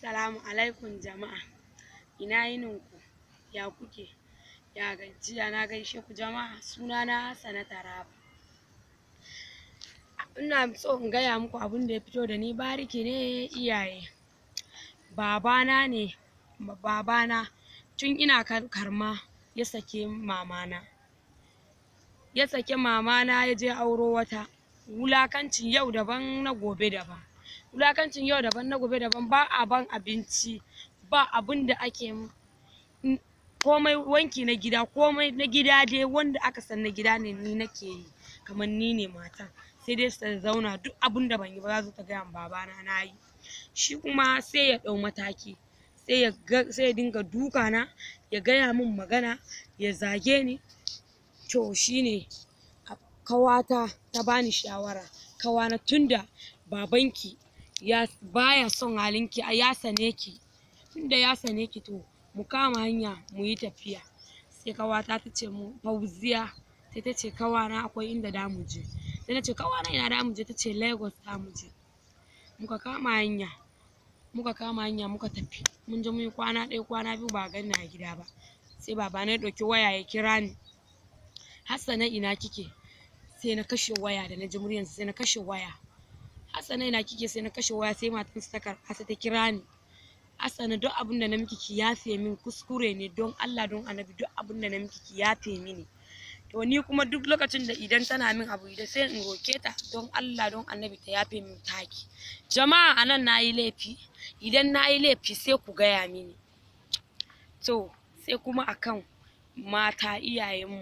Salamu alaikum jama'a. Ina yininku? Ya kuke? Ya gajiya na gaishe ku jama'a. Sunana Hassana Taraba. Ina so in gaya muku abin da ya fito da ni bariki ne iyaye. Babana ne, babana tun ina karma ya sake mamana. Ya sake mamana ya je auro wata. Wulakanci yau daban na gobe daban. wulakancin yau daban na gobe daban ba a ban abinci ba abin da ake komai wanki na gida komai na gida dai wanda aka san na gida ne ni nake yi kamar ni ne matan sai dai su zauna duk abin da ban yi ba za su ta gaya babana na yi shi kuma sai ya ɗau mataki sai ya dinga duka na ya gaya min magana ya zage ni to shine kawata ta bani shawara kawana tunda babanki ya baya son halinki ya sane ki tunda ya sane ki to mu kama hanya mu yi tafiya sai kawata ta ce mu fauziya sai ta ce na akwai inda da mu je sai na ce na ina da mu je ta ce lagos da mu je muka kama hanya muka kama hanya muka tafi mun je mun yi kwana ɗaya kwana biyu ba ganna a gida ba sai baba na ya ɗauki waya ya kira ni hassana ina kike sai na kashe waya da na ji muryarsa sai na kashe waya Hassana yana kike sai na kashe waya sai matan ta karɓa ta kira ni asana duk abin da na miki ki yafe min kuskure ne don Allah don Annabi duk abin da na miki ki yafe mini to ni kuma duk lokacin da idan tana min abu idan sai in roke ta don Allah don Annabi ta yafe min taki jama'a anan nayi laifi idan nayi laifi sai ku gaya mini to sai kuma akan mata iyayenmu